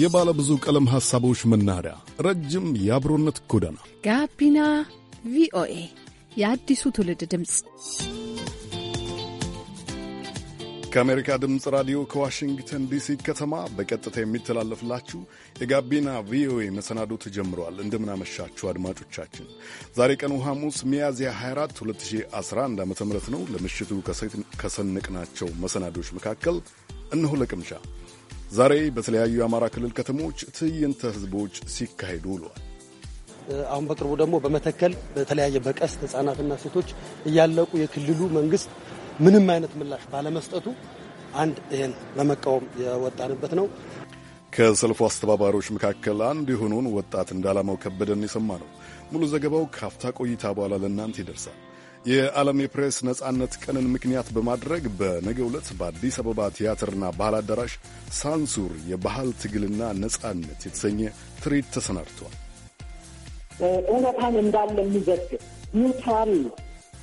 የባለ ብዙ ቀለም ሐሳቦች መናኸሪያ፣ ረጅም የአብሮነት ጎዳና ጋቢና ቪኦኤ የአዲሱ ትውልድ ድምፅ ከአሜሪካ ድምፅ ራዲዮ ከዋሽንግተን ዲሲ ከተማ በቀጥታ የሚተላለፍላችሁ የጋቢና ቪኦኤ መሰናዶ ተጀምረዋል። እንደምናመሻችሁ አድማጮቻችን። ዛሬ ቀኑ ሐሙስ ሚያዝያ 24 2011 ዓ ም ነው። ለምሽቱ ከሰነቅናቸው መሰናዶች መካከል እነሆ ለቅምሻ ዛሬ በተለያዩ የአማራ ክልል ከተሞች ትዕይንተ ህዝቦች ሲካሄዱ ውሏል። አሁን በቅርቡ ደግሞ በመተከል በተለያየ በቀስት ህጻናትና ሴቶች እያለቁ የክልሉ መንግስት ምንም አይነት ምላሽ ባለመስጠቱ አንድ ይህን በመቃወም የወጣንበት ነው። ከሰልፉ አስተባባሪዎች መካከል አንዱ የሆነውን ወጣት እንዳላማው ከበደን የሰማ ነው። ሙሉ ዘገባው ካፍታ ቆይታ በኋላ ለእናንተ ይደርሳል። የዓለም የፕሬስ ነጻነት ቀንን ምክንያት በማድረግ በነገ ዕለት በአዲስ አበባ ቲያትርና ባህል አዳራሽ ሳንሱር የባህል ትግልና ነጻነት የተሰኘ ትርኢት ተሰናድቷል። እውነታን እንዳለ የሚዘግብ ኒውትራል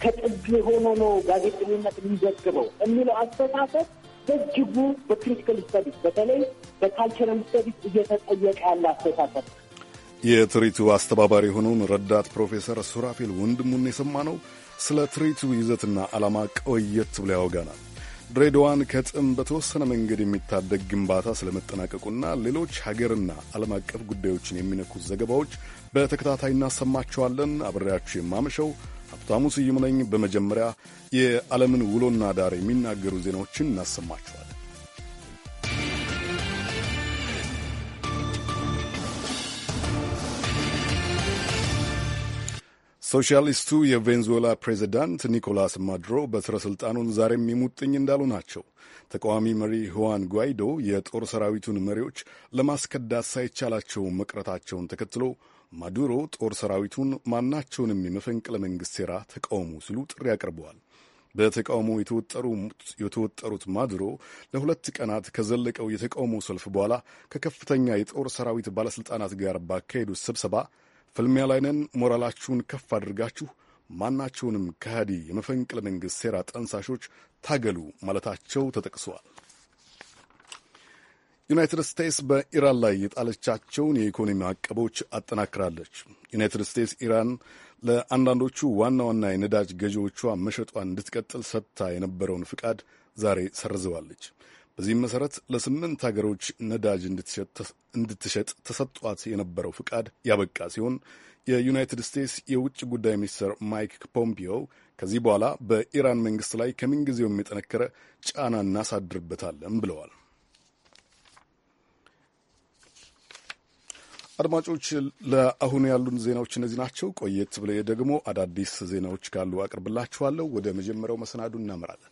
ከጥግ ሆኖ ነው ጋዜጠኝነት የሚዘግበው የሚለው አስተሳሰብ በእጅጉ በክሪቲካል ስተዲስ በተለይ በካልቸራል ስተዲስ እየተጠየቀ ያለ አስተሳሰብ የትርኢቱ አስተባባሪ የሆነውን ረዳት ፕሮፌሰር ሱራፌል ወንድሙን የሰማ ነው። ስለ ትርኢቱ ይዘትና ዓላማ ቆየት ብሎ ያወጋናል። ድሬዳዋን ከጥም በተወሰነ መንገድ የሚታደግ ግንባታ ስለመጠናቀቁና ሌሎች ሀገርና ዓለም አቀፍ ጉዳዮችን የሚነኩ ዘገባዎች በተከታታይ እናሰማቸዋለን አብሬያችሁ የማመሸው ሀብታሙ ስዩም ነኝ። በመጀመሪያ የዓለምን ውሎና ዳር የሚናገሩ ዜናዎችን እናሰማቸዋል። ሶሻሊስቱ የቬንዙዌላ ፕሬዚዳንት ኒኮላስ ማዱሮ በሥረ ሥልጣኑን ዛሬም የሙጥኝ እንዳሉ ናቸው። ተቃዋሚ መሪ ሁዋን ጓይዶ የጦር ሰራዊቱን መሪዎች ለማስከዳት ሳይቻላቸው መቅረታቸውን ተከትሎ ማዱሮ ጦር ሰራዊቱን ማናቸውንም የመፈንቅለ መንግሥት ሴራ ተቃውሙ ሲሉ ጥሪ አቅርበዋል። በተቃውሞ የተወጠሩት ማዱሮ ለሁለት ቀናት ከዘለቀው የተቃውሞ ሰልፍ በኋላ ከከፍተኛ የጦር ሰራዊት ባለሥልጣናት ጋር ባካሄዱት ስብሰባ ፍልሚያ ላይ ነን። ሞራላችሁን ከፍ አድርጋችሁ ማናቸውንም ከሃዲ የመፈንቅለ መንግሥት ሴራ ጠንሳሾች ታገሉ ማለታቸው ተጠቅሰዋል። ዩናይትድ ስቴትስ በኢራን ላይ የጣለቻቸውን የኢኮኖሚ ማዕቀቦች አጠናክራለች። ዩናይትድ ስቴትስ ኢራን ለአንዳንዶቹ ዋና ዋና የነዳጅ ገዢዎቿ መሸጧን እንድትቀጥል ሰጥታ የነበረውን ፍቃድ ዛሬ ሰርዘዋለች። በዚህም መሰረት ለስምንት ሀገሮች ነዳጅ እንድትሸጥ ተሰጧት የነበረው ፍቃድ ያበቃ ሲሆን የዩናይትድ ስቴትስ የውጭ ጉዳይ ሚኒስትር ማይክ ፖምፒዮ ከዚህ በኋላ በኢራን መንግስት ላይ ከምንጊዜውም የጠነከረ ጫና እናሳድርበታለን ብለዋል። አድማጮች ለአሁኑ ያሉን ዜናዎች እነዚህ ናቸው። ቆየት ብለ ደግሞ አዳዲስ ዜናዎች ካሉ አቅርብላችኋለሁ። ወደ መጀመሪያው መሰናዱ እናመራለን።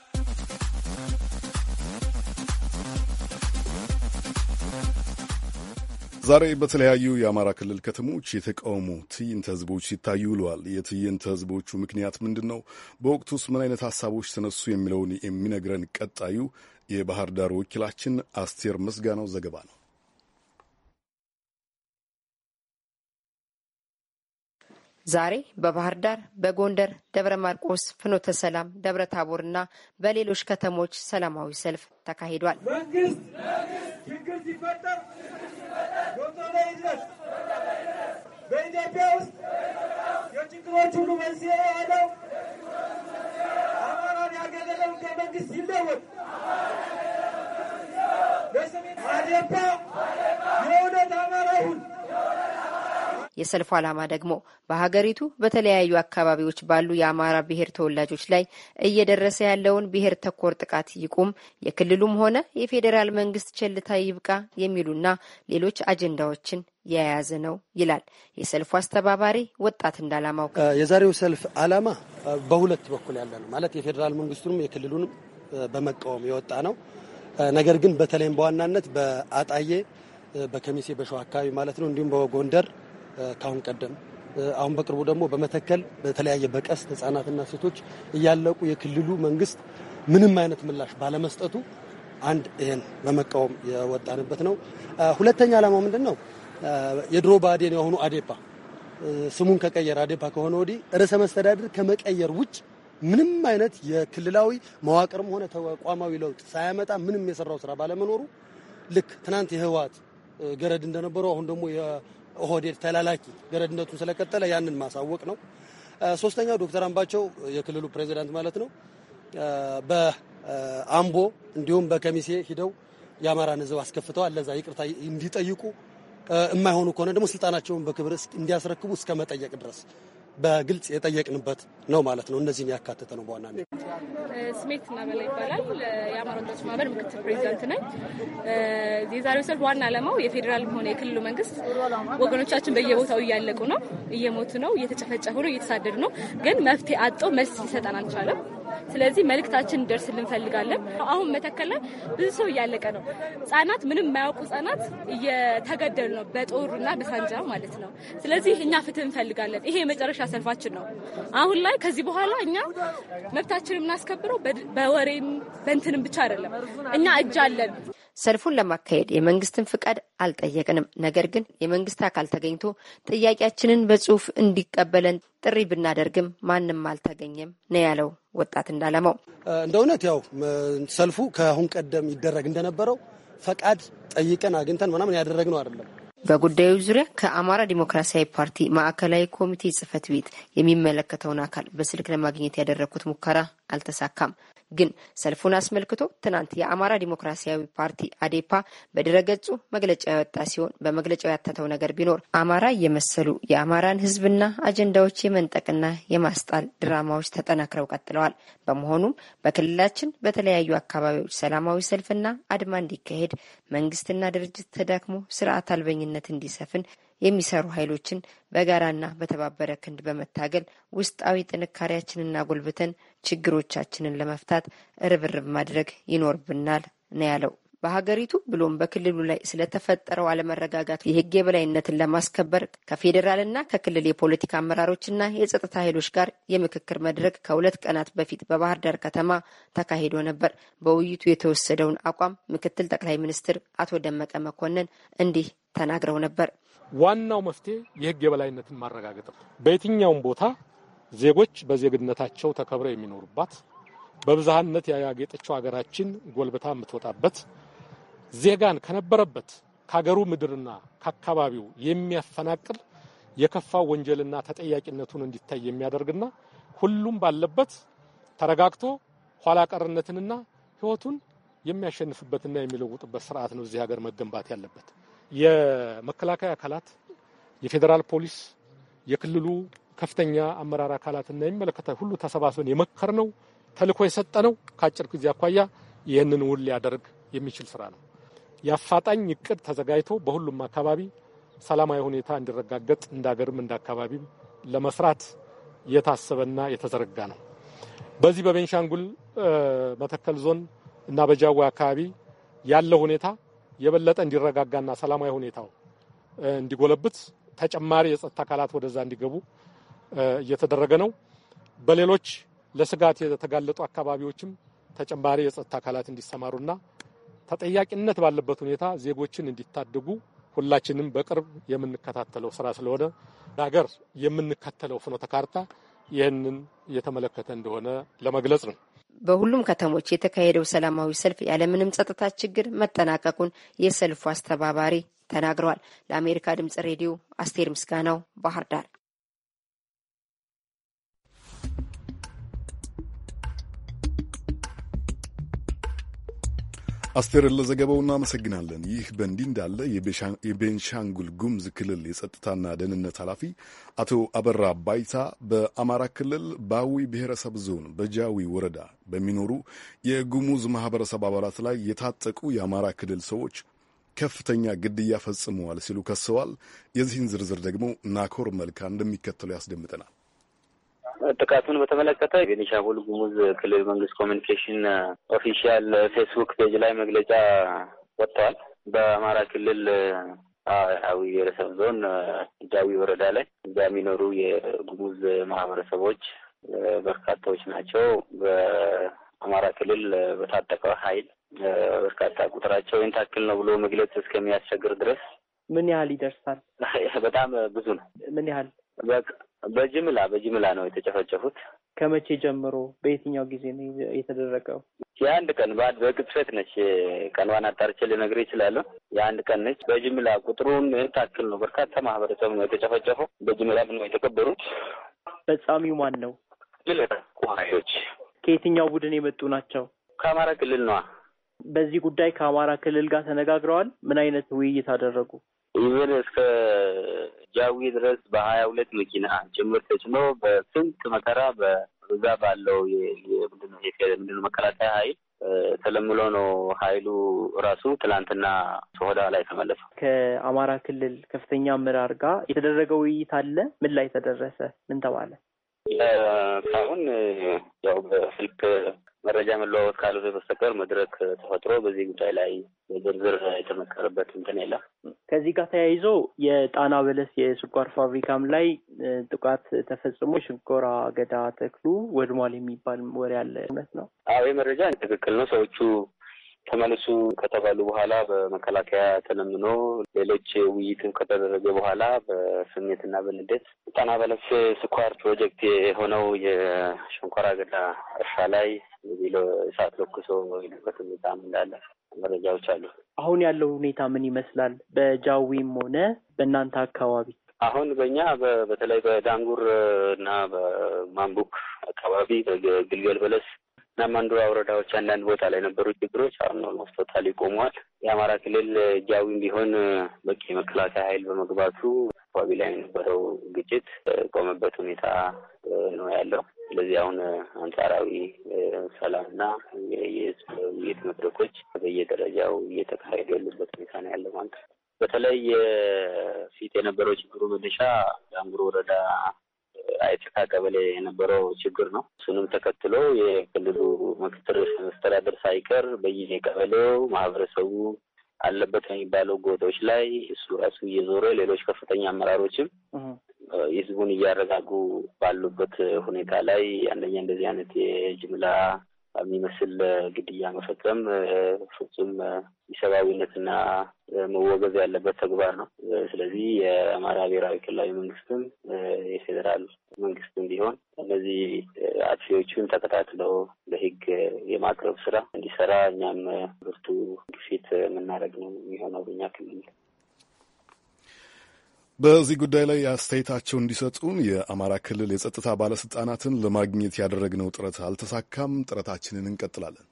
ዛሬ በተለያዩ የአማራ ክልል ከተሞች የተቃውሞ ትዕይንተ ህዝቦች ሲታዩ ውለዋል። የትዕይንተ ህዝቦቹ ምክንያት ምንድን ነው? በወቅቱ ውስጥ ምን አይነት ሀሳቦች ተነሱ? የሚለውን የሚነግረን ቀጣዩ የባህር ዳር ወኪላችን አስቴር ምስጋናው ዘገባ ነው። ዛሬ በባህር ዳር፣ በጎንደር፣ ደብረ ማርቆስ፣ ፍኖተ ሰላም፣ ደብረ እና በሌሎች ከተሞች ሰላማዊ ሰልፍ ተካሂዷል። መንግስት ችግር ሲፈጠር ላይ ይድረስ። በኢትዮጵያ ውስጥ የችግሮች ሁሉ መንስኤ የሆነው አማራን ያገለለው ህገ ይለወጥ። ለሰሜን አዴፓ የእውነት አማራ ይሁን። የሰልፉ ዓላማ ደግሞ በሀገሪቱ በተለያዩ አካባቢዎች ባሉ የአማራ ብሔር ተወላጆች ላይ እየደረሰ ያለውን ብሔር ተኮር ጥቃት ይቁም፣ የክልሉም ሆነ የፌዴራል መንግስት ቸልታ ይብቃ የሚሉና ሌሎች አጀንዳዎችን የያዘ ነው ይላል የሰልፉ አስተባባሪ ወጣት እንዳላማው። የዛሬው ሰልፍ ዓላማ በሁለት በኩል ያለ ነው ማለት የፌዴራል መንግስቱንም የክልሉንም በመቃወም የወጣ ነው። ነገር ግን በተለይም በዋናነት በአጣዬ በከሚሴ በሸዋ አካባቢ ማለት ነው እንዲሁም በጎንደር ካሁን ቀደም አሁን በቅርቡ ደግሞ በመተከል በተለያየ በቀስት ህጻናትና ሴቶች እያለቁ የክልሉ መንግስት ምንም አይነት ምላሽ ባለመስጠቱ አንድ ይህን በመቃወም የወጣንበት ነው። ሁለተኛ ዓላማው ምንድን ነው? የድሮ ብአዴን የሆኑ አዴፓ ስሙን ከቀየር አዴፓ ከሆነ ወዲህ ርዕሰ መስተዳድር ከመቀየር ውጭ ምንም አይነት የክልላዊ መዋቅርም ሆነ ተቋማዊ ለውጥ ሳያመጣ ምንም የሰራው ስራ ባለመኖሩ ልክ ትናንት የህወሓት ገረድ እንደነበረው አሁን ደግሞ ኦህዴድ ተላላኪ ገረድነቱን ስለቀጠለ ያንን ማሳወቅ ነው። ሶስተኛው ዶክተር አምባቸው የክልሉ ፕሬዚዳንት ማለት ነው በአምቦ እንዲሁም በከሚሴ ሂደው የአማራን ህዝብ አስከፍተዋል። ለዛ ይቅርታ እንዲጠይቁ የማይሆኑ ከሆነ ደግሞ ስልጣናቸውን በክብር እንዲያስረክቡ እስከ መጠየቅ ድረስ በግልጽ የጠየቅንበት ነው ማለት ነው። እነዚህን ያካተተ ነው በዋናነት። ስሜት በላይ ይባላል። የአማራ ወጣቶች ማህበር ምክትል ፕሬዚዳንት ነኝ። የዛሬው ሰልፍ ዋና ዓላማው የፌዴራልም ሆነ የክልሉ መንግስት ወገኖቻችን በየቦታው እያለቁ ነው፣ እየሞቱ ነው፣ እየተጨፈጨፉ ነው፣ እየተሳደዱ ነው። ግን መፍትሄ አጥቶ መልስ ሊሰጠን አልቻለም። ስለዚህ መልእክታችን እንደርስ ልንፈልጋለን። አሁን መተከል ላይ ብዙ ሰው እያለቀ ነው። ህጻናት፣ ምንም የማያውቁ ህጻናት እየተገደሉ ነው በጦርና በሳንጃ ማለት ነው። ስለዚህ እኛ ፍትህ እንፈልጋለን። ይሄ የመጨረሻ ሰልፋችን ነው። አሁን ላይ ከዚህ በኋላ እኛ መብታችን የምናስከብረው በወሬም በእንትንም ብቻ አይደለም። እኛ እጅ አለን። ሰልፉን ለማካሄድ የመንግስትን ፍቃድ አልጠየቅንም። ነገር ግን የመንግስት አካል ተገኝቶ ጥያቄያችንን በጽሁፍ እንዲቀበለን ጥሪ ብናደርግም ማንም አልተገኘም ነው ያለው ወጣት እንዳለማው። እንደ እውነት ያው ሰልፉ ከአሁን ቀደም ይደረግ እንደነበረው ፈቃድ ጠይቀን አግኝተን ምናምን ያደረግነው አይደለም። በጉዳዩ ዙሪያ ከአማራ ዲሞክራሲያዊ ፓርቲ ማዕከላዊ ኮሚቴ ጽህፈት ቤት የሚመለከተውን አካል በስልክ ለማግኘት ያደረግኩት ሙከራ አልተሳካም። ግን ሰልፉን አስመልክቶ ትናንት የአማራ ዲሞክራሲያዊ ፓርቲ አዴፓ በድረገጹ መግለጫ ያወጣ ሲሆን በመግለጫው ያተተው ነገር ቢኖር አማራ የመሰሉ የአማራን ሕዝብና አጀንዳዎች የመንጠቅና የማስጣል ድራማዎች ተጠናክረው ቀጥለዋል። በመሆኑም በክልላችን በተለያዩ አካባቢዎች ሰላማዊ ሰልፍና አድማ እንዲካሄድ መንግስትና ድርጅት ተዳክሞ ስርዓት አልበኝነት እንዲሰፍን የሚሰሩ ኃይሎችን በጋራና በተባበረ ክንድ በመታገል ውስጣዊ ጥንካሬያችንና ጎልብተን ችግሮቻችንን ለመፍታት ርብርብ ማድረግ ይኖርብናል ነው ያለው። በሀገሪቱ ብሎም በክልሉ ላይ ስለተፈጠረው አለመረጋጋት የሕግ የበላይነትን ለማስከበር ከፌዴራልና ከክልል የፖለቲካ አመራሮችና የጸጥታ ኃይሎች ጋር የምክክር መድረክ ከሁለት ቀናት በፊት በባህር ዳር ከተማ ተካሂዶ ነበር። በውይይቱ የተወሰደውን አቋም ምክትል ጠቅላይ ሚኒስትር አቶ ደመቀ መኮንን እንዲህ ተናግረው ነበር። ዋናው መፍትሄ የሕግ የበላይነትን ማረጋገጥ ነው። በየትኛውም ቦታ ዜጎች በዜግነታቸው ተከብረው የሚኖሩባት በብዝሃነት ያጌጠችው ሀገራችን ጎልብታ የምትወጣበት ዜጋን ከነበረበት ከሀገሩ ምድርና ከአካባቢው የሚያፈናቅል የከፋ ወንጀልና ተጠያቂነቱን እንዲታይ የሚያደርግና ሁሉም ባለበት ተረጋግቶ ኋላ ቀርነትንና ሕይወቱን የሚያሸንፍበትና የሚለውጥበት ስርዓት ነው እዚህ ሀገር መገንባት ያለበት። የመከላከያ አካላት፣ የፌዴራል ፖሊስ፣ የክልሉ ከፍተኛ አመራር አካላትና የሚመለከታ ሁሉ ተሰባስበን የመከር ነው ተልእኮ የሰጠ ነው። ከአጭር ጊዜ አኳያ ይህንን ውል ሊያደርግ የሚችል ስራ ነው። የአፋጣኝ እቅድ ተዘጋጅቶ በሁሉም አካባቢ ሰላማዊ ሁኔታ እንዲረጋገጥ እንዳገርም እንዳካባቢም ለመስራት የታሰበና የተዘረጋ ነው። በዚህ በቤንሻንጉል መተከል ዞን እና በጃዌ አካባቢ ያለው ሁኔታ የበለጠ እንዲረጋጋና ሰላማዊ ሁኔታው እንዲጎለብት ተጨማሪ የጸጥታ አካላት ወደዛ እንዲገቡ እየተደረገ ነው። በሌሎች ለስጋት የተጋለጡ አካባቢዎችም ተጨማሪ የጸጥታ አካላት እንዲሰማሩና ተጠያቂነት ባለበት ሁኔታ ዜጎችን እንዲታደጉ ሁላችንም በቅርብ የምንከታተለው ስራ ስለሆነ ለሀገር የምንከተለው ፍኖተ ካርታ ይህንን የተመለከተ እንደሆነ ለመግለጽ ነው። በሁሉም ከተሞች የተካሄደው ሰላማዊ ሰልፍ ያለምንም ጸጥታ ችግር መጠናቀቁን የሰልፉ አስተባባሪ ተናግረዋል። ለአሜሪካ ድምጽ ሬዲዮ አስቴር ምስጋናው ባህር ዳር አስቴርን ለዘገባው እናመሰግናለን። ይህ በእንዲህ እንዳለ የቤንሻንጉል ጉሙዝ ክልል የጸጥታና ደህንነት ኃላፊ አቶ አበራ ባይታ በአማራ ክልል በአዊ ብሔረሰብ ዞን በጃዊ ወረዳ በሚኖሩ የጉሙዝ ማህበረሰብ አባላት ላይ የታጠቁ የአማራ ክልል ሰዎች ከፍተኛ ግድያ ፈጽመዋል ሲሉ ከሰዋል። የዚህን ዝርዝር ደግሞ ናኮር መልካ እንደሚከተለው ያስደምጠናል። ጥቃቱን በተመለከተ ቤኒሻንጉል ጉሙዝ ክልል መንግስት ኮሚኒኬሽን ኦፊሻል ፌስቡክ ፔጅ ላይ መግለጫ ወጥተዋል። በአማራ ክልል አዊ ብሔረሰብ ዞን ጃዊ ወረዳ ላይ እዛ የሚኖሩ የጉሙዝ ማህበረሰቦች በርካታዎች ናቸው። በአማራ ክልል በታጠቀው ኃይል በርካታ ቁጥራቸው ይህን ታክል ነው ብሎ መግለጽ እስከሚያስቸግር ድረስ ምን ያህል ይደርሳል? በጣም ብዙ ነው። ምን ያህል በጅምላ በጅምላ ነው የተጨፈጨፉት። ከመቼ ጀምሮ በየትኛው ጊዜ ነው የተደረገው? የአንድ ቀን በአንድ በቅጥፈት ነች። ቀንዋን አጣርቼ ልነግርህ እችላለሁ። የአንድ ቀን ነች። በጅምላ ቁጥሩን ታክል ነው። በርካታ ማህበረሰብ ነው የተጨፈጨፈው። በጅምላ ነው የተቀበሩት። ፈጻሚው ማን ነው? ቁማሪዎች ከየትኛው ቡድን የመጡ ናቸው? ከአማራ ክልል ነዋ። በዚህ ጉዳይ ከአማራ ክልል ጋር ተነጋግረዋል። ምን አይነት ውይይት አደረጉ? ኢቨን እስከ ጃዊ ድረስ በሀያ ሁለት መኪና ጭምር ተጭኖ በስንት መከራ በዛ ባለው ምንድነው መከላከያ ኃይል ተለምሎ ነው ኃይሉ ራሱ ትላንትና ሶሆዳ ላይ ተመለሰ። ከአማራ ክልል ከፍተኛ አመራር ጋር የተደረገ ውይይት አለ። ምን ላይ ተደረሰ? ምን ተባለ? እስካሁን ያው በስልክ መረጃ መለዋወጥ ካልሆነ በስተቀር መድረክ ተፈጥሮ በዚህ ጉዳይ ላይ በዝርዝር የተመከረበት እንትን የለም። ከዚህ ጋር ተያይዞ የጣና በለስ የስኳር ፋብሪካም ላይ ጥቃት ተፈጽሞ ሽንኮራ አገዳ ተክሉ ወድሟል የሚባል ወሬ አለ። እውነት ነው? አዎ ይህ መረጃ ትክክል ነው። ሰዎቹ ተመልሱ ከተባሉ በኋላ በመከላከያ ተለምኖ ሌሎች ውይይትም ከተደረገ በኋላ በስሜትና በንዴት ጣና በለስ ስኳር ፕሮጀክት የሆነው የሸንኮራ አገዳ እርሻ ላይ ቢሎ እሳት ለኩሶ ሄዱበት ሁኔታ እንዳለ መረጃዎች አሉ። አሁን ያለው ሁኔታ ምን ይመስላል? በጃዊም ሆነ በእናንተ አካባቢ አሁን በእኛ በተለይ በዳንጉር እና በማንቡክ አካባቢ በግልገል በለስ እና ማንዱራ ወረዳዎች አንዳንድ ቦታ ላይ ነበሩ ችግሮች አሁን ኦልሞስት ቶታሊ ቆመዋል። የአማራ ክልል ጃዊም ቢሆን በቂ የመከላከያ ኃይል በመግባቱ አካባቢ ላይ የነበረው ግጭት ቆመበት ሁኔታ ነው ያለው። ስለዚህ አሁን አንጻራዊ ሰላምና የህዝብ ውይይት መድረኮች በየደረጃው እየተካሄዱ ያሉበት ሁኔታ ነው ያለው ማለት ነው። በተለይ የፊት የነበረው ችግሩ መነሻ የአንጉሮ ወረዳ አይጭካ ቀበሌ የነበረው ችግር ነው። እሱንም ተከትሎ የክልሉ ምክትል መስተዳደር ሳይቀር በይዜ በየቀበሌው ማህበረሰቡ አለበት የሚባለው ጎጦች ላይ እሱ ራሱ እየዞረ ሌሎች ከፍተኛ አመራሮችም ህዝቡን እያረጋጉ ባሉበት ሁኔታ ላይ አንደኛ እንደዚህ አይነት የጅምላ የሚመስል ግድያ መፈጸም ፍጹም ኢሰብአዊነትና መወገዝ ያለበት ተግባር ነው። ስለዚህ የአማራ ብሔራዊ ክልላዊ መንግስትም የፌዴራል መንግስትም ቢሆን እነዚህ አጥፊዎቹን ተከታትለው ለህግ የማቅረብ ስራ እንዲሰራ እኛም ብርቱ ግፊት የምናደርግ ነው የሚሆነው በኛ ክልል በዚህ ጉዳይ ላይ አስተያየታቸው እንዲሰጡን የአማራ ክልል የጸጥታ ባለስልጣናትን ለማግኘት ያደረግነው ጥረት አልተሳካም። ጥረታችንን እንቀጥላለን።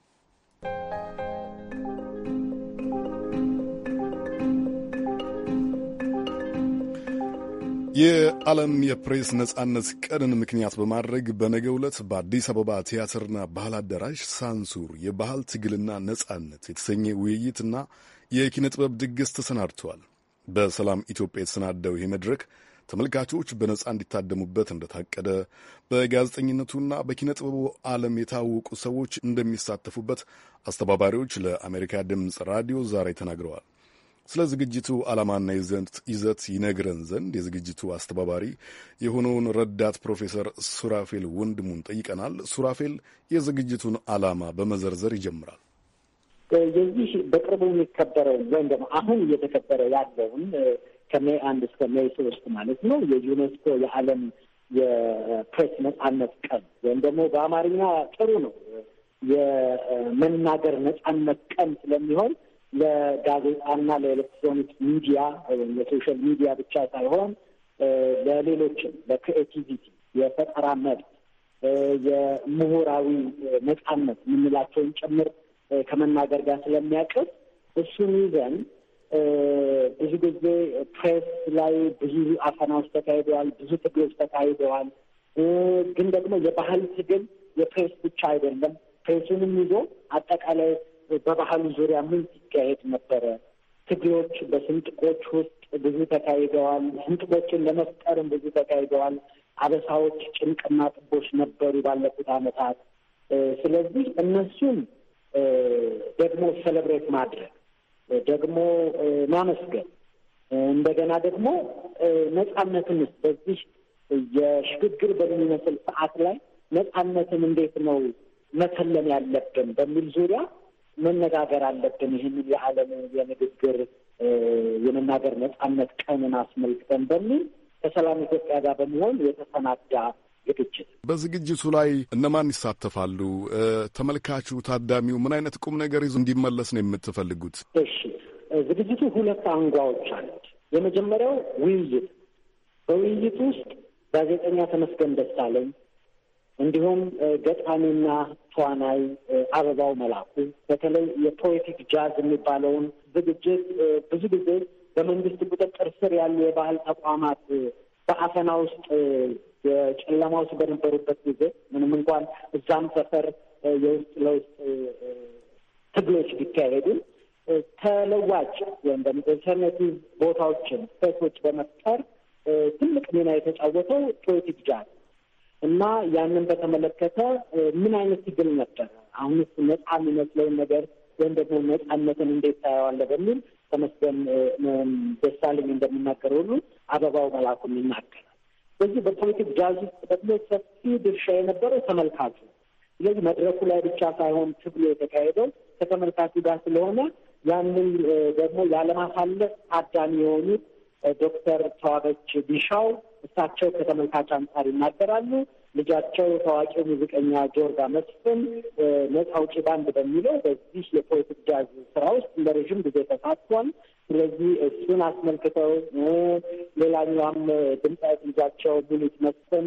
የዓለም የፕሬስ ነጻነት ቀንን ምክንያት በማድረግ በነገ ዕለት በአዲስ አበባ ቲያትርና ባህል አዳራሽ ሳንሱር የባህል ትግልና ነጻነት የተሰኘ ውይይትና የኪነ ጥበብ ድግስ ተሰናድተዋል። በሰላም ኢትዮጵያ የተሰናደው ይህ መድረክ ተመልካቾች በነጻ እንዲታደሙበት እንደታቀደ በጋዜጠኝነቱና በኪነ ጥበቡ ዓለም የታወቁ ሰዎች እንደሚሳተፉበት አስተባባሪዎች ለአሜሪካ ድምፅ ራዲዮ ዛሬ ተናግረዋል። ስለ ዝግጅቱ ዓላማና ይዘት ይነግረን ዘንድ የዝግጅቱ አስተባባሪ የሆነውን ረዳት ፕሮፌሰር ሱራፌል ወንድሙን ጠይቀናል። ሱራፌል የዝግጅቱን ዓላማ በመዘርዘር ይጀምራል። የዚህ በቅርቡ የሚከበረው ወይም ደግሞ አሁን እየተከበረ ያለውን ከሜ አንድ እስከ ሜ ሶስት ማለት ነው የዩኔስኮ የዓለም የፕሬስ ነጻነት ቀን ወይም ደግሞ በአማርኛ ጥሩ ነው የመናገር ነጻነት ቀን ስለሚሆን ለጋዜጣና ለኤሌክትሮኒክ ሚዲያ ወይም ለሶሻል ሚዲያ ብቻ ሳይሆን ለሌሎችም ለክሬቲቪቲ፣ የፈጠራ መብት፣ የምሁራዊ ነጻነት የምንላቸውን ጭምር ከመናገር ጋር ስለሚያቅብ እሱን ይዘን ብዙ ጊዜ ፕሬስ ላይ ብዙ አፈናዎች ተካሂደዋል፣ ብዙ ትግሎች ተካሂደዋል። ግን ደግሞ የባህል ትግል የፕሬስ ብቻ አይደለም። ፕሬሱንም ይዞ አጠቃላይ በባህሉ ዙሪያ ምን ሲካሄድ ነበረ? ትግሎች በስንጥቆች ውስጥ ብዙ ተካሂደዋል። ስንጥቆችን ለመፍጠርም ብዙ ተካሂደዋል። አበሳዎች፣ ጭንቅና ጥቦች ነበሩ ባለፉት አመታት ስለዚህ እነሱን ደግሞ ሰለብሬት ማድረግ ደግሞ ማመስገን እንደገና ደግሞ ነጻነትን በዚህ የሽግግር በሚመስል ሰዓት ላይ ነጻነትን እንዴት ነው መተለም ያለብን በሚል ዙሪያ መነጋገር አለብን። ይህንን የዓለም የንግግር የመናገር ነጻነት ቀንን አስመልክተን በሚል ከሰላም ኢትዮጵያ ጋር በመሆን የተሰናዳ ዝግጅት በዝግጅቱ ላይ እነማን ይሳተፋሉ? ተመልካቹ ታዳሚው ምን አይነት ቁም ነገር ይዞ እንዲመለስ ነው የምትፈልጉት? እሺ፣ ዝግጅቱ ሁለት አንጓዎች አሉት። የመጀመሪያው ውይይት። በውይይት ውስጥ ጋዜጠኛ ተመስገን ደሳለኝ እንዲሁም ገጣሚና ተዋናይ አበባው መላኩ በተለይ የፖለቲክ ጃዝ የሚባለውን ዝግጅት ብዙ ጊዜ በመንግስት ቁጥጥር ስር ያሉ የባህል ተቋማት በአፈና ውስጥ ጨለማ ውስጥ በነበሩበት ጊዜ ምንም እንኳን እዛም ሰፈር የውስጥ ለውስጥ ትግሎች ቢካሄዱም ተለዋጭ ወይም ደግሞ ኦልተርናቲቭ ቦታዎችን ሴቶች በመፍጠር ትልቅ ሚና የተጫወተው ፖለቲክ ጃዝ እና ያንን በተመለከተ ምን አይነት ትግል ነበር? አሁንስ ነጻ የሚመስለውን ነገር ወይም ደግሞ ነጻነትን እንዴት ታየዋለህ? በሚል ተመስገን ደሳለኝ እንደሚናገር ሁሉ አበባው መላኩ የሚናገር በዚህ በፖለቲክ ጃዝ ውስጥ ደግሞ ሰፊ ድርሻ የነበረው ተመልካቹ። ስለዚህ መድረኩ ላይ ብቻ ሳይሆን ትብሎ የተካሄደው ከተመልካቹ ጋር ስለሆነ ያንን ደግሞ ያለማሳለፍ ታዳሚ የሆኑት ዶክተር ተዋበች ቢሻው እሳቸው ከተመልካች አንጻር ይናገራሉ። ልጃቸው ታዋቂው ሙዚቀኛ ጆርጋ መስፍን ነፃ አውጪ ባንድ በሚለው በዚህ የፖለቲክ ጃዝ ስራ ውስጥ ለረዥም ጊዜ ተሳትፏል። ስለዚህ እሱን አስመልክተው ሌላኛዋም ድምፃዊት ልጃቸው ብሉት መስፍን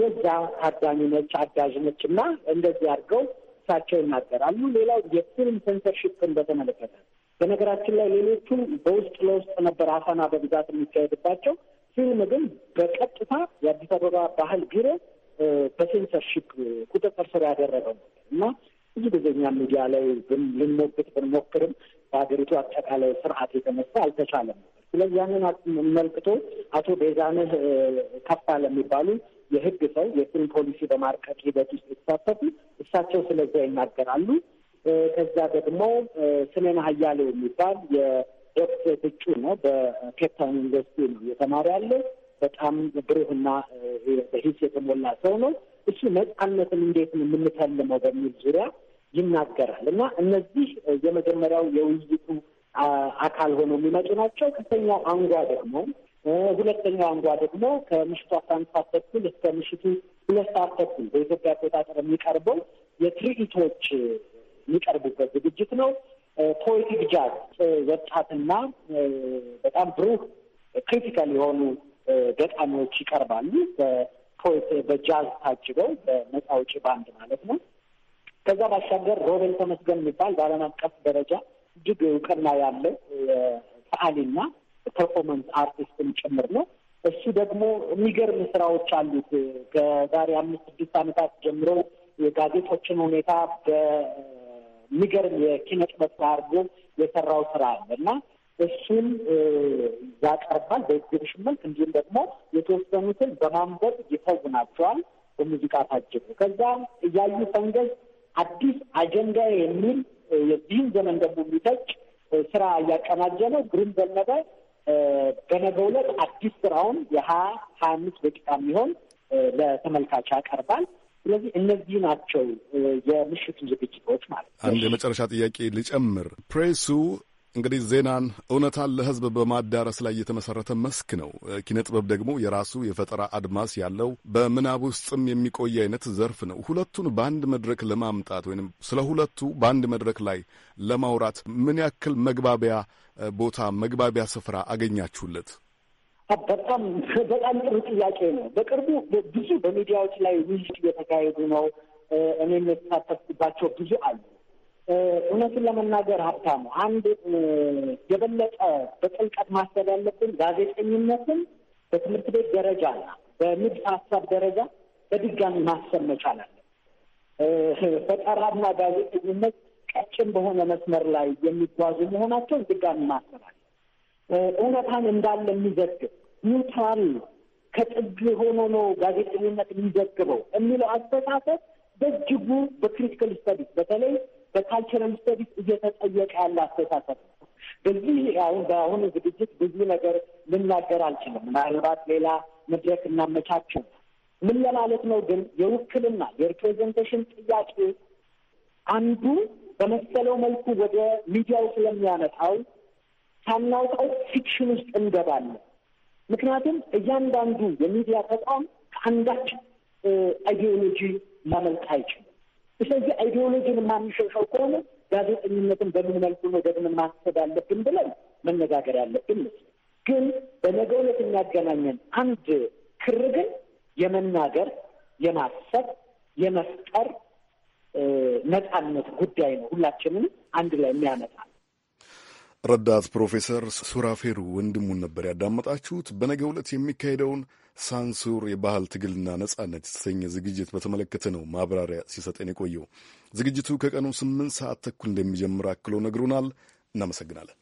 የዛ ታዳሚ ነች፣ አዳዥ ነች እና እንደዚህ አድርገው እሳቸው ይናገራሉ። ሌላው የፊልም ሴንሰርሽፕን በተመለከተ በነገራችን ላይ ሌሎቹ በውስጥ ለውስጥ ነበር አፈና በብዛት የሚካሄድባቸው። ፊልም ግን በቀጥታ የአዲስ አበባ ባህል ቢሮ በሴንሰርሺፕ ቁጥጥር ስር ያደረገው እና ብዙ ጊዜኛ ሚዲያ ላይ ልንሞግት ብንሞክርም በሀገሪቱ አጠቃላይ ስርዓት የተነሳ አልተቻለም ስለዚህ ያንን መልክቶ አቶ ቤዛነህ ከፋ ለሚባሉ የህግ ሰው የፊልም ፖሊሲ በማርቀቅ ሂደት ውስጥ የተሳተፉ እሳቸው ስለዚያ ይናገራሉ። ከዛ ደግሞ ስሜን ሀያሌው የሚባል የዶክትሬት እጩ ነው። በኬፕታውን ዩኒቨርሲቲ ነው የተማረ ያለው። በጣም ብሩህና በሂስ የተሞላ ሰው ነው። እሱ ነጻነትን እንዴት ነው የምንተልመው በሚል ዙሪያ ይናገራል እና እነዚህ የመጀመሪያው የውይይቱ አካል ሆነው የሚመጡ ናቸው። ከፍተኛው አንጓ ደግሞ ሁለተኛው አንጓ ደግሞ ከምሽቱ አስራ አንድ ሰዓት ተኩል እስከ ምሽቱ ሁለት ሰዓት ተኩል በኢትዮጵያ አቆጣጠር የሚቀርበው የትርኢቶች የሚቀርቡበት ዝግጅት ነው። ፖኤቲክ ጃዝ ወጣትና በጣም ብሩህ ክሪቲካል የሆኑ ገጣሚዎች ይቀርባሉ። በጃዝ ታጅበው በነፃ አውጪ ባንድ ማለት ነው። ከዛ ባሻገር ሮቤል ተመስገን የሚባል በዓለም አቀፍ ደረጃ እጅግ እውቅና ያለው ሰዓሊና ፐርፎርማንስ አርቲስትም ጭምር ነው። እሱ ደግሞ የሚገርም ስራዎች አሉት። ከዛሬ አምስት ስድስት ዓመታት ጀምሮ የጋዜጦችን ሁኔታ በሚገርም የኪነ ጥበብ አድርጎ የሰራው ስራ አለ እና እሱን ያቀርባል በኤግዚቢሽን መልክ። እንዲሁም ደግሞ የተወሰኑትን በማንበብ ይተውናቸዋል በሙዚቃ ታጅቡ ከዛ እያዩ ፈንገዝ አዲስ አጀንዳ የሚል የዚህም ዘመን ደግሞ የሚጠጭ ስራ እያቀናጀ ነው። ግሩም ዘነበ በነገው ዕለት አዲስ ስራውን የሀያ ሀያ አምስት ደቂቃ የሚሆን ለተመልካች ያቀርባል። ስለዚህ እነዚህ ናቸው የምሽቱ ዝግጅቶች ማለት ነው። አንድ የመጨረሻ ጥያቄ ልጨምር። ፕሬሱ እንግዲህ ዜናን፣ እውነታን ለህዝብ በማዳረስ ላይ የተመሰረተ መስክ ነው። ኪነ ጥበብ ደግሞ የራሱ የፈጠራ አድማስ ያለው በምናብ ውስጥም የሚቆይ አይነት ዘርፍ ነው። ሁለቱን በአንድ መድረክ ለማምጣት ወይም ስለ ሁለቱ በአንድ መድረክ ላይ ለማውራት ምን ያክል መግባቢያ ቦታ መግባቢያ ስፍራ አገኛችሁለት? በጣም በጣም ጥሩ ጥያቄ ነው። በቅርቡ ብዙ በሚዲያዎች ላይ ውይይት እየተካሄዱ ነው። እኔ የተሳተፍኩባቸው ብዙ አሉ እውነቱን ለመናገር ሀብታሙ አንድ የበለጠ በጥልቀት ማሰብ ያለብን ጋዜጠኝነትን በትምህርት ቤት ደረጃ እና በንድፈ ሀሳብ ደረጃ በድጋሚ ማሰብ መቻል አለ። ፈጠራና ጋዜጠኝነት ቀጭን በሆነ መስመር ላይ የሚጓዙ መሆናቸውን ድጋሚ ማሰብ አለ። እውነታን እንዳለ የሚዘግብ ኒውትራል ከጥግ ሆኖ ነው ጋዜጠኝነት የሚዘግበው የሚለው አስተሳሰብ በእጅጉ በክሪቲካል ስተዲስ በተለይ በካልቸራል ስተዲስ እየተጠየቀ ያለ አስተሳሰብ ነው። በዚህ አሁን በአሁኑ ዝግጅት ብዙ ነገር ልናገር አልችልም። ምናልባት ሌላ መድረክ እናመቻቸው። ምን ለማለት ነው ግን የውክልና የሪፕሬዘንቴሽን ጥያቄ አንዱ በመሰለው መልኩ ወደ ሚዲያው ስለሚያመጣው ሳናውቀው ፊክሽን ውስጥ እንገባለን። ምክንያቱም እያንዳንዱ የሚዲያ ተቋም ከአንዳች አይዲዮሎጂ ማመልጥ አይችልም። ስለዚህ አይዲዮሎጂን ሰው ከሆነ ጋዜጠኝነትን በምን መልኩ ነው ደግመን ማሰብ ያለብን ብለን መነጋገር ያለብን ግን በነገ ዕለት የሚያገናኘን አንድ ክር ግን የመናገር የማሰብ የመፍጠር ነፃነት ጉዳይ ነው። ሁላችንም አንድ ላይ የሚያመጣ ረዳት ፕሮፌሰር ሱራፌሩ ወንድሙን ነበር ያዳመጣችሁት። በነገ ዕለት የሚካሄደውን ሳንሱር የባህል ትግልና ነጻነት የተሰኘ ዝግጅት በተመለከተ ነው ማብራሪያ ሲሰጠን የቆየው። ዝግጅቱ ከቀኑ ስምንት ሰዓት ተኩል እንደሚጀምር አክሎ ነግሮናል። እናመሰግናለን።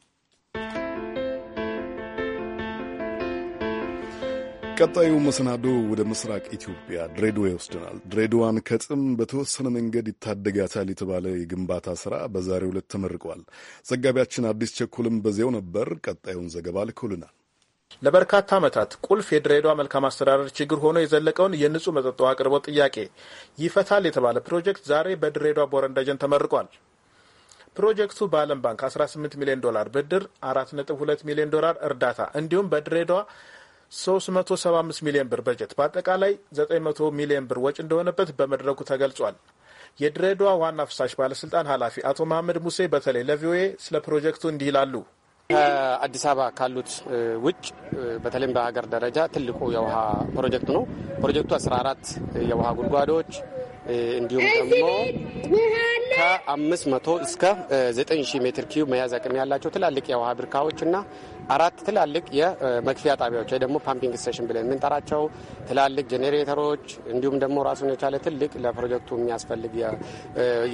ቀጣዩ መሰናዶ ወደ ምስራቅ ኢትዮጵያ ድሬዳዋ ይወስደናል። ድሬዳዋን ከጥም በተወሰነ መንገድ ይታደጋታል የተባለ የግንባታ ስራ በዛሬው ዕለት ተመርቋል። ዘጋቢያችን አዲስ ቸኮልም በዚያው ነበር። ቀጣዩን ዘገባ ልኮልናል። ለበርካታ ዓመታት ቁልፍ የድሬዳዋ መልካም አስተዳደር ችግር ሆኖ የዘለቀውን የንጹህ መጠጥ ውሃ አቅርቦት ጥያቄ ይፈታል የተባለ ፕሮጀክት ዛሬ በድሬዳዋ ቦረንዳጀን ተመርቋል። ፕሮጀክቱ በዓለም ባንክ 18 ሚሊዮን ዶላር ብድር፣ 4.2 ሚሊዮን ዶላር እርዳታ እንዲሁም በድሬዳዋ 375 ሚሊዮን ብር በጀት በአጠቃላይ 900 ሚሊዮን ብር ወጪ እንደሆነበት በመድረኩ ተገልጿል። የድሬዳዋ ዋና ፍሳሽ ባለስልጣን ኃላፊ አቶ መሐመድ ሙሴ በተለይ ለቪኦኤ ስለ ፕሮጀክቱ እንዲህ ይላሉ። ከአዲስ አበባ ካሉት ውጭ በተለይም በሀገር ደረጃ ትልቁ የውሃ ፕሮጀክት ነው። ፕሮጀክቱ 14 የውሃ ጉድጓዶች እንዲሁም ደግሞ ከ500 እስከ 9000 ሜትር ኪዩ መያዝ አቅም ያላቸው ትላልቅ የውሃ ብርካዎች እና አራት ትላልቅ የመክፊያ ጣቢያዎች ወይ ደግሞ ፓምፒንግ ስቴሽን ብለን የምንጠራቸው ትላልቅ ጄኔሬተሮች እንዲሁም ደግሞ ራሱን የቻለ ትልቅ ለፕሮጀክቱ የሚያስፈልግ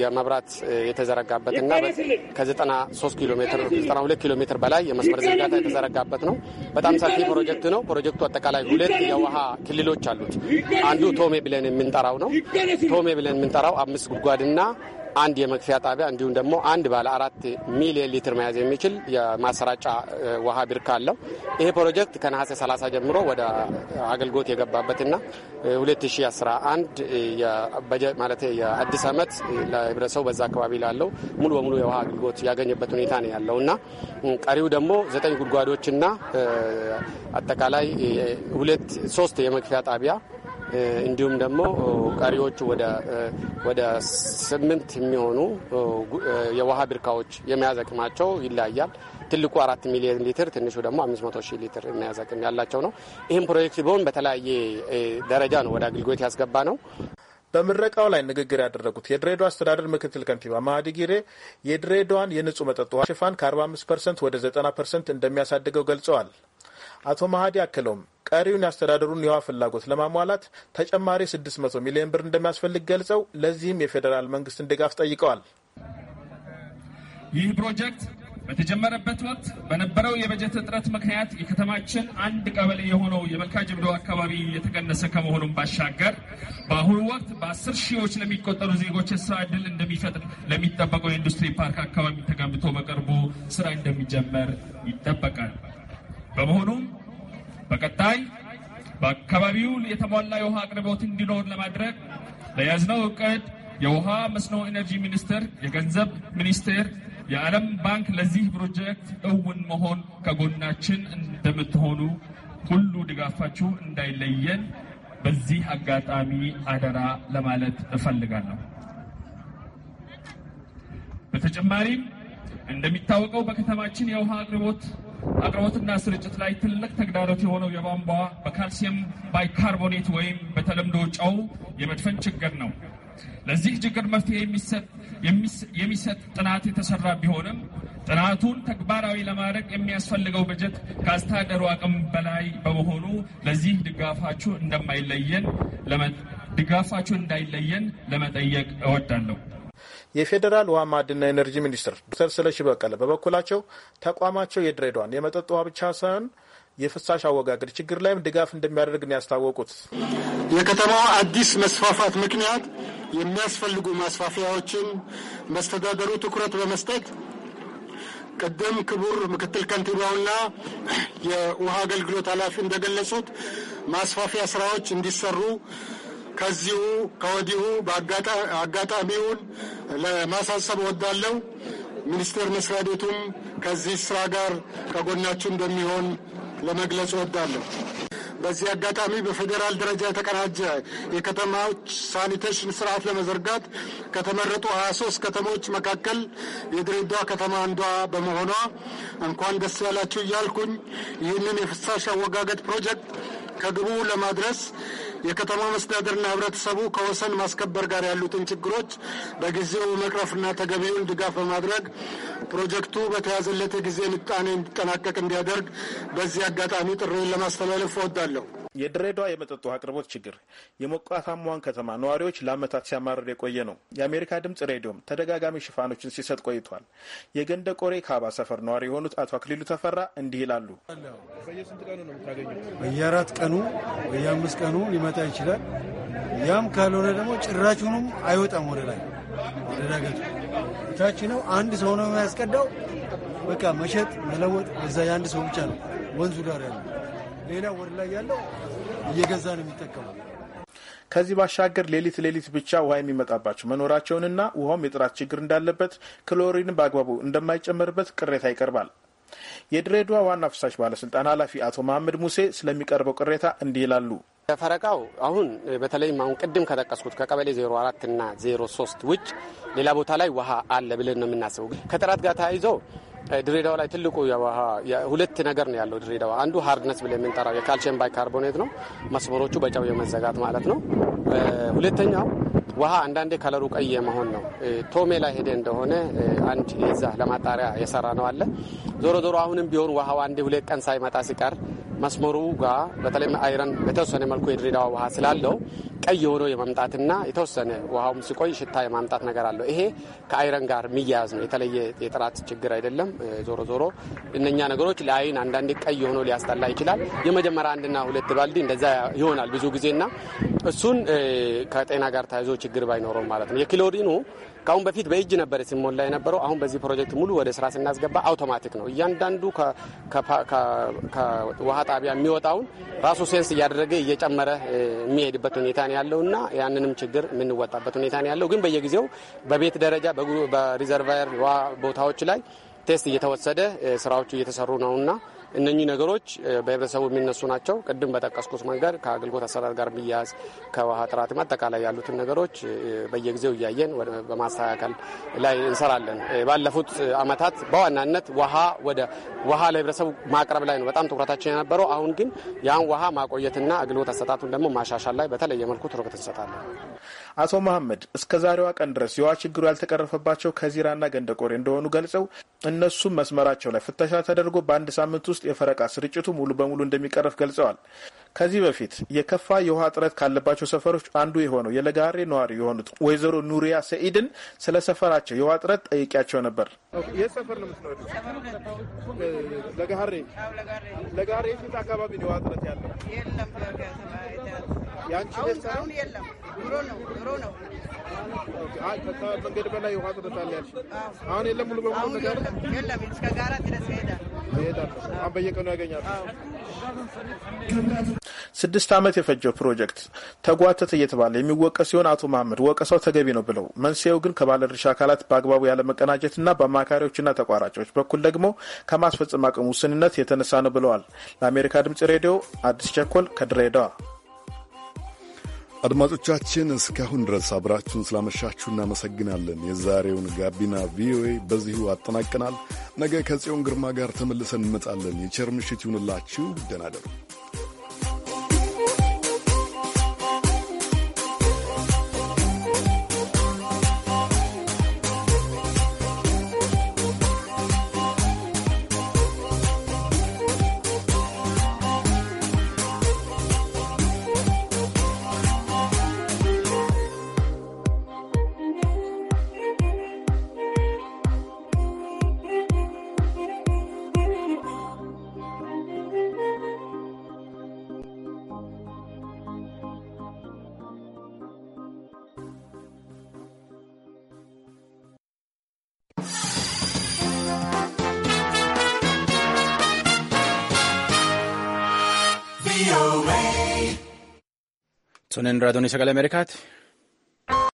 የመብራት የተዘረጋበትና ከ93 ኪሎ ሜትር 92 ኪሎ ሜትር በላይ የመስመር ዝርጋታ የተዘረጋበት ነው። በጣም ሰፊ ፕሮጀክት ነው። ፕሮጀክቱ አጠቃላይ ሁለት የውሃ ክልሎች አሉት። አንዱ ቶሜ ብለን የምንጠራው ነው። ቶሜ ብለን የምንጠራው አምስት ጉድጓድና አንድ የመክፊያ ጣቢያ እንዲሁም ደግሞ አንድ ባለ አራት ሚሊዮን ሊትር መያዝ የሚችል የማሰራጫ ውሃ ቢርካ አለው። ይሄ ፕሮጀክት ከነሐሴ 30 ጀምሮ ወደ አገልግሎት የገባበትና 2011 ማለት የአዲስ ዓመት ለህብረተሰቡ በዛ አካባቢ ላለው ሙሉ በሙሉ የውሃ አገልግሎት ያገኘበት ሁኔታ ነው ያለው እና ቀሪው ደግሞ ዘጠኝ ጉድጓዶችና አጠቃላይ ሁለት ሶስት የመክፊያ ጣቢያ እንዲሁም ደግሞ ቀሪዎቹ ወደ ስምንት የሚሆኑ የውሃ ብርካዎች የመያዝ አቅማቸው ይለያያል። ትልቁ አራት ሚሊዮን ሊትር ትንሹ ደግሞ አምስት መቶ ሺህ ሊትር የመያዝ አቅም ያላቸው ነው። ይህም ፕሮጀክት ቢሆን በተለያየ ደረጃ ነው ወደ አገልግሎት ያስገባ ነው። በምረቃው ላይ ንግግር ያደረጉት የድሬዳዋ አስተዳደር ምክትል ከንቲባ ማህዲ ጊሬ የድሬዳዋን የንጹህ መጠጥ ውሃ ሽፋን ከ45 ፐርሰንት ወደ 90 ፐርሰንት እንደሚያሳድገው ገልጸዋል። አቶ መሀዲ አክለውም ቀሪውን ያስተዳደሩን የውሃ ፍላጎት ለማሟላት ተጨማሪ 600 ሚሊዮን ብር እንደሚያስፈልግ ገልጸው ለዚህም የፌዴራል መንግስትን ድጋፍ ጠይቀዋል። ይህ ፕሮጀክት በተጀመረበት ወቅት በነበረው የበጀት እጥረት ምክንያት የከተማችን አንድ ቀበሌ የሆነው የመልካ ጅብዶ አካባቢ የተቀነሰ ከመሆኑም ባሻገር በአሁኑ ወቅት በአስር ሺዎች ለሚቆጠሩ ዜጎች የስራ እድል እንደሚፈጥር ለሚጠበቀው የኢንዱስትሪ ፓርክ አካባቢ ተገንብቶ በቅርቡ ስራ እንደሚጀመር ይጠበቃል። በመሆኑም በቀጣይ በአካባቢው የተሟላ የውሃ አቅርቦት እንዲኖር ለማድረግ ለያዝነው እቅድ የውሃ መስኖ ኢነርጂ ሚኒስቴር፣ የገንዘብ ሚኒስቴር፣ የዓለም ባንክ ለዚህ ፕሮጀክት እውን መሆን ከጎናችን እንደምትሆኑ ሁሉ ድጋፋችሁ እንዳይለየን በዚህ አጋጣሚ አደራ ለማለት እፈልጋለሁ። በተጨማሪም እንደሚታወቀው በከተማችን የውሃ አቅርቦት አቅርቦትና ስርጭት ላይ ትልቅ ተግዳሮት የሆነው የቧንቧ በካልሲየም ባይካርቦኔት ወይም በተለምዶ ጨው የመድፈን ችግር ነው። ለዚህ ችግር መፍትሄ የሚሰጥ ጥናት የተሰራ ቢሆንም ጥናቱን ተግባራዊ ለማድረግ የሚያስፈልገው በጀት ከአስተዳደሩ አቅም በላይ በመሆኑ ለዚህ ድጋፋችሁ እንደማይለየን ድጋፋችሁ እንዳይለየን ለመጠየቅ እወዳለሁ። የፌዴራል ውሃ ማዕድንና ኤነርጂ ሚኒስትር ዶክተር ስለሺ በቀለ በበኩላቸው ተቋማቸው የድሬዳዋን የመጠጥ ውሃ ብቻ ሳይሆን የፍሳሽ አወጋገድ ችግር ላይም ድጋፍ እንደሚያደርግ ያስታወቁት የከተማዋ አዲስ መስፋፋት ምክንያት የሚያስፈልጉ ማስፋፊያዎችን መስተዳደሩ ትኩረት በመስጠት ቅድም ክቡር ምክትል ከንቲባውና የውሃ አገልግሎት ኃላፊ እንደገለጹት ማስፋፊያ ስራዎች እንዲሰሩ ከዚሁ ከወዲሁ አጋጣሚውን ለማሳሰብ እወዳለሁ። ሚኒስቴር መስሪያ ቤቱም ከዚህ ስራ ጋር ከጎናችሁ እንደሚሆን ለመግለጽ እወዳለሁ። በዚህ አጋጣሚ በፌዴራል ደረጃ የተቀናጀ የከተማዎች ሳኒቴሽን ስርዓት ለመዘርጋት ከተመረጡ 23 ከተሞች መካከል የድሬዳዋ ከተማ አንዷ በመሆኗ እንኳን ደስ ያላችሁ እያልኩኝ ይህንን የፍሳሽ አወጋገጥ ፕሮጀክት ከግቡ ለማድረስ የከተማ መስተዳደርና ህብረተሰቡ ከወሰን ማስከበር ጋር ያሉትን ችግሮች በጊዜው መቅረፍና ተገቢውን ድጋፍ በማድረግ ፕሮጀክቱ በተያዘለት ጊዜ ምጣኔ እንዲጠናቀቅ እንዲያደርግ በዚህ አጋጣሚ ጥሪውን ለማስተላለፍ እወዳለሁ። የድሬዳዋ የመጠጥ ውሃ አቅርቦት ችግር የሞቃታማዋን ከተማ ነዋሪዎች ለዓመታት ሲያማርር የቆየ ነው። የአሜሪካ ድምጽ ሬዲዮም ተደጋጋሚ ሽፋኖችን ሲሰጥ ቆይቷል። የገንደ ቆሬ ካባ ሰፈር ነዋሪ የሆኑት አቶ አክሊሉ ተፈራ እንዲህ ይላሉ። በየአራት ቀኑ በየአምስት ቀኑ ሊመጣ ይችላል። ያም ካልሆነ ደግሞ ጭራችሁንም አይወጣም። ወደ ላይ ወደ ዳገቱ ታች ነው። አንድ ሰው ነው የሚያስቀዳው። በቃ መሸጥ መለወጥ በዛ የአንድ ሰው ብቻ ነው ወንዙ ዳር ያለው ሌላ ወር ላይ ያለው እየገዛ ነው የሚጠቀመው። ከዚህ ባሻገር ሌሊት ሌሊት ብቻ ውሃ የሚመጣባቸው መኖራቸውንና ውሃውም የጥራት ችግር እንዳለበት፣ ክሎሪን በአግባቡ እንደማይጨመርበት ቅሬታ ይቀርባል። የድሬዳዋ ዋና ፍሳሽ ባለስልጣን ኃላፊ አቶ መሀመድ ሙሴ ስለሚቀርበው ቅሬታ እንዲህ ይላሉ። ፈረቃው አሁን በተለይም አሁን ቅድም ከጠቀስኩት ከቀበሌ 04 እና 03 ውጭ ሌላ ቦታ ላይ ውሃ አለ ብለን ነው የምናስበው። ከጥራት ጋር ተያይዞ ድሬዳዋ ላይ ትልቁ ሁለት ነገር ነው ያለው ድሬዳዋ። አንዱ ሀርድነስ ብለን የምንጠራው የካልሽየም ባይካርቦኔት ነው፣ መስመሮቹ በጨው የመዘጋት ማለት ነው። ሁለተኛው ውሃ አንዳንዴ ከለሩ ቀይ የመሆን ነው። ቶሜ ላይ ሄደ እንደሆነ አንድ የዛ ለማጣሪያ የሰራ ነው አለ። ዞሮ ዞሮ አሁንም ቢሆን ውሃው አንድ ሁለት ቀን ሳይመጣ ሲቀር መስመሩ ጋር በተለይ አይረን በተወሰነ መልኩ የድሬዳዋ ውሃ ስላለው ቀይ ሆኖ የመምጣትና የተወሰነ ውሃውም ሲቆይ ሽታ የማምጣት ነገር አለው። ይሄ ከአይረን ጋር የሚያያዝ ነው። የተለየ የጥራት ችግር አይደለም። ዞሮ ዞሮ እነኛ ነገሮች ለአይን አንዳንዴ ቀይ ሆኖ ሊያስጠላ ይችላል። የመጀመሪያ አንድና ሁለት ባልዲ እንደዛ ይሆናል ብዙ ጊዜና እሱን ከጤና ጋር ተያይዞ ችግር ባይኖረውም ማለት ነው። የክሎሪኑ ከአሁን በፊት በእጅ ነበር ሲሞላ የነበረው። አሁን በዚህ ፕሮጀክት ሙሉ ወደ ስራ ስናስገባ አውቶማቲክ ነው። እያንዳንዱ ከውሃ ጣቢያ የሚወጣውን ራሱ ሴንስ እያደረገ እየጨመረ የሚሄድበት ሁኔታ ነው ያለው እና ያንንም ችግር የምንወጣበት ሁኔታ ነው ያለው። ግን በየጊዜው በቤት ደረጃ በሪዘርቫየር ቦታዎች ላይ ቴስት እየተወሰደ ስራዎቹ እየተሰሩ ነውና እነኚህ ነገሮች በህብረተሰቡ የሚነሱ ናቸው። ቅድም በጠቀስኩት መንገድ ከአገልግሎት አሰራር ጋር ሚያያዝ ከውሃ ጥራትም አጠቃላይ ያሉትን ነገሮች በየጊዜው እያየን በማስተካከል ላይ እንሰራለን። ባለፉት አመታት በዋናነት ውሃ ወደ ውሃ ለህብረተሰቡ ማቅረብ ላይ ነው በጣም ትኩረታችን የነበረው። አሁን ግን ያን ውሃ ማቆየትና አገልግሎት አሰጣቱን ደግሞ ማሻሻል ላይ በተለየ መልኩ ትኩረት እንሰጣለን። አቶ መሐመድ እስከ ዛሬዋ ቀን ድረስ የውሃ ችግሩ ያልተቀረፈባቸው ከዚራና ገንደቆሬ እንደሆኑ ገልጸው እነሱም መስመራቸው ላይ ፍተሻ ተደርጎ በአንድ ሳምንት ውስጥ የፈረቃ ስርጭቱ ሙሉ በሙሉ እንደሚቀረፍ ገልጸዋል። ከዚህ በፊት የከፋ የውሃ እጥረት ካለባቸው ሰፈሮች አንዱ የሆነው የለጋሬ ነዋሪ የሆኑት ወይዘሮ ኑሪያ ሰኢድን ስለ ሰፈራቸው የውሃ እጥረት ጠይቂያቸው ነበር። የት ሰፈር ነው የምትኖሪው? ለጋሬ። ለጋሬ የት አካባቢ ነው የውሃ ያለው? የአንቺ የለም ድሮ ነው። መንገድ በላይ ያልሽ አሁን የለም ሙሉ በሙሉ። የለም። እስከ ጋራ ድረስ ይሄዳል ይሄዳል። አሁን በየቀኑ ያገኛል ስድስት ዓመት የፈጀው ፕሮጀክት ተጓተተ እየተባለ የሚወቀስ ሲሆን አቶ መሀመድ ወቀሳው ተገቢ ነው ብለው መንስኤው ግን ከባለድርሻ አካላት በአግባቡ በአማካሪዎች በአማካሪዎችና ተቋራጮች በኩል ደግሞ ከማስፈጸም አቅም ውስንነት የተነሳ ነው ብለዋል። ለአሜሪካ ድምጽ ሬዲዮ አዲስ ቸኮል ከድሬዳዋ። አድማጮቻችን እስካሁን ድረስ አብራችሁን ስላመሻችሁ እናመሰግናለን። የዛሬውን ጋቢና ቪኦኤ በዚሁ አጠናቀናል። ነገ ከጽዮን ግርማ ጋር ተመልሰን እንመጣለን። የቸር ምሽት ይሁንላችሁ። ደህና Soneen Raadonii Sagalee Ameerikaati.